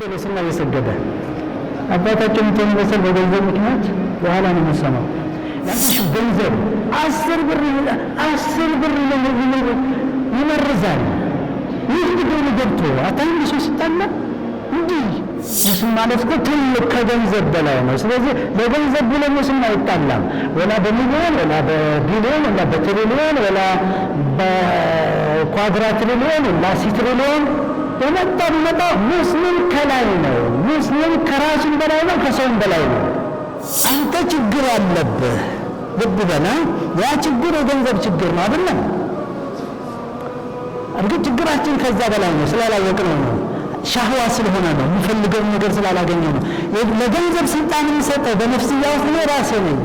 በበስል ላይ የሰገደ አባታቸው የምትሆንበሰል በገንዘብ ምክንያት በኋላ ነው የምንሰማው። ያንሽ ገንዘብ አስር ብር አስር ብር ይመርዛል። ይህ ብር ገብቶ አታይም ሰው ስታለ እንዲህ ሙስና ማለት እኮ ትልቅ ከገንዘብ በላይ ነው። ስለዚህ ለገንዘብ ብሎ ሙስና አይጣላም። ወላ በሚሊዮን ወላ በቢሊዮን ወላ በትሪሊዮን ወላ በኳድራትሪሊዮን ወላ ሲትሪሊዮን የመጣ ቢመጣ ሙስሊም ከላይ ነው። ሙስሊም ከራሱም በላይ ነው፣ ከሰውም በላይ ነው። አንተ ችግር አለብህ ልብ በላ። ያ ችግር የገንዘብ ችግር ነው አይደለም። እርግጥ ችግራችን ከዛ በላይ ነው፣ ስላላወቅ ነው ነው ሻህዋ ስለሆነ ነው፣ የሚፈልገውን ነገር ስላላገኘ ነው። ለገንዘብ ስልጣን የሚሰጠው በነፍስያ ውስጥ ነው ራሴ ነኝ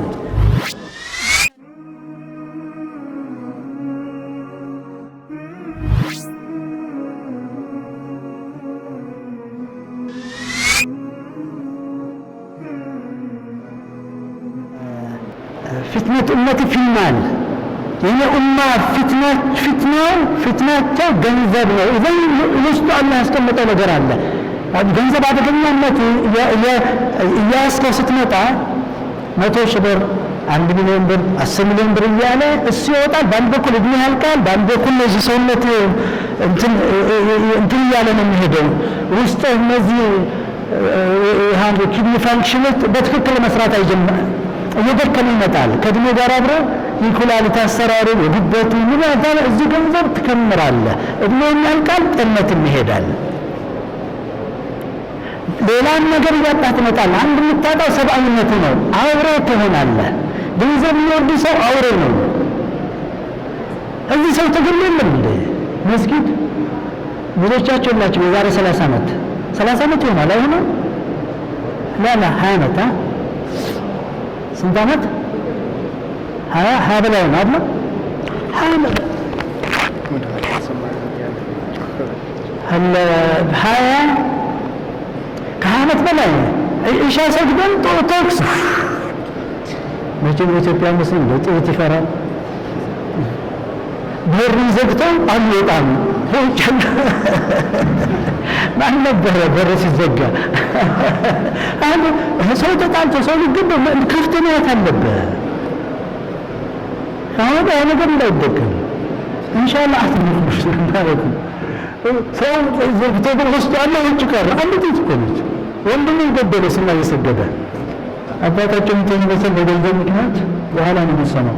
ፊትነት እመት ፊልማል የኔ ኡማ ፊትናው ፊትናቸው ገንዘብ ነው። እዘን ውስጡ አላህ ያስቀመጠው ነገር አለ። ገንዘብ አደገኛነት እያያስከው ስትመጣ መቶ ሺህ ብር፣ አንድ ሚሊዮን ብር፣ አስር ሚሊዮን ብር እያለ እሱ ይወጣል። በአንድ በኩል እድሜ ያልቃል፣ በአንድ በኩል እዚህ ሰውነት እንትን እያለ ነው የሚሄደው ውስጥ እነዚህ ኪድኒ ፋንክሽኖች በትክክል መስራት አይጀምራል እየደከመ ይመጣል። ከእድሜ ጋር አብሮ የኩላሊት አሰራሩን የጉበቱን ይመጣል። እዚህ ገንዘብ ትከምራለህ። እድሜ ያልቃል፣ ጤንነት ይሄዳል። ሌላም ነገር እያጣህ ትመጣለህ። አንድ የምታጣው ሰብአዊነት ነው። አውሬ ትሆናለህ። ገንዘብ የሚወድ ሰው አውሬ ነው። እዚህ ሰው ትግል የለም እንደ መስጊድ ብዙዎቻቸው የላቸው የዛሬ 30 ዓመት 30 ዓመት ይሆናል አይሆንም ላላ 20 ዓመት سلطانات ها هذا لا ينادى هل هل بحايا كهانت بلاي ايش اسوي قدام توكس مجتمع ايثيوبيا مسلم لو تيجي تفرا بيرن زقتو قال يطان ما نبهر بيرن زقه አሁን ሰው ተጣልቶ ሰው ልግብ ክፍት ማየት አለበት። አሁን ያ ነገር እንዳይደገም ኢንሻአላህ አትነፍሽ ማለት ሰው ዘግቶ ግን ውስጡ አለ ውጭ ቀረ አንዲት እኮ ነች። ወንድሙ ገደለ ስና እየሰገደ አባታቸው ተይበሰ በገንዘብ ምክንያት በኋላ ነው የምሰማው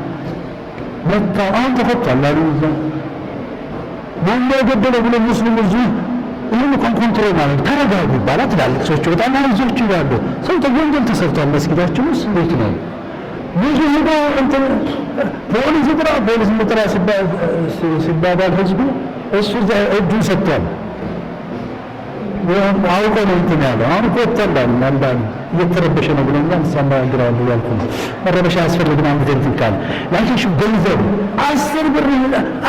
መታ አሁን ተፈቷል አሉ ዛ ወንድ ገደለ ብሎ ሙስሊም እዚህ ሁሉም እንኳን ኮንትሮል ማለት ተረጋጉ ይባላል ትላለች። ሰዎች በጣም አይዞች ይላሉ። ሰው ተጎንደል ተሰርቷል። መስጊዳችን ውስጥ ቤት ነው ብዙ ሄዶ እንትን ፖሊስ ጥራ ፖሊስ ምጥራ ሲባባል ህዝቡ እሱ እጁን ሰጥቷል። አውቆ ነው እንትን ያለው። አሁን እኮ ወጥተላል አንዳንድ እየተረበሸ ነው ብለኛ ሲያነጋግራሉ ያልኩ መረበሻ ያስፈልግን አንድ እንትን ካለ ላኪን ገንዘብ አስር ብር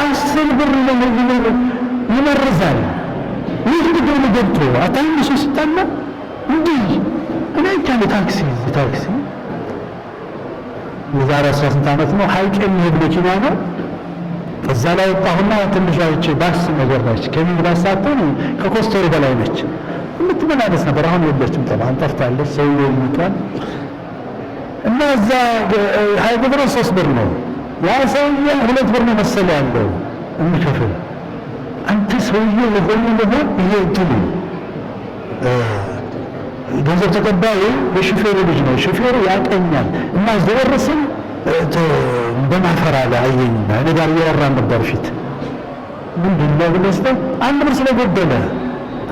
አስር ብር ይመርዛል ውስጥ ደግሞ ገብቶ አታይም እሱ ስታና እንዲህ እኔ ታለ ታክሲ ታክሲ የዛሬ 18 ዓመት ነው ሀይቅ የሚሄድ መኪና ነው። እዛ ላይ ወጣሁና ትንሿች ባስ ነገር ነች። ከሚኒ ባስ ሳትሆን በላይ ነች የምትመላለስ ነበር። አሁን የለችም ተባን ጠፍታለች። ሰው ይሞቷል። እና እዛ ሀይቅ ብር ሶስት ብር ነው ያ ሰውዬ ሁለት ብር ነው መሰለ ያለው የሚከፍል ልዩ ለሆኑ ነገር ይሄ እድል ገንዘብ ተቀባዩ የሹፌሩ ልጅ ነው። ሹፌሩ ያቀኛል እና ዘወር ስል በማፈራ ላይ አየኝና እኔ ጋር እያወራን ነበር። ፊት ምንድን ነው ብሎ ስለው አንድ ብር ስለጎደለ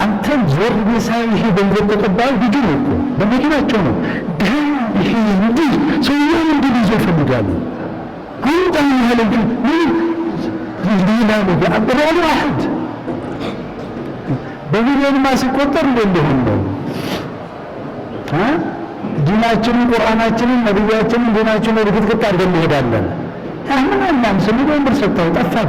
አንተም ዞር ቤሳ ይሄ ገንዘብ ተቀባዩ ልጁ ነው እኮ በመኪናቸው ነው ድህ ይሄ እንዲህ ሰውየውን እንዲህ ይዞ ይፈልጋሉ። ሁን ጣም ያህል ምን ሌላ ነገር አብራሉ አህድ በሚሊዮንማ ሲቆጠር እንደ እንደሆን ነው። ዲናችንን ቁርአናችንን ነቢያችንን ዲናችንን ወደ ክትክት አድርገን እንሄዳለን። አሁን አናም ስንል ወንበር ሰጥተው ጠፋል።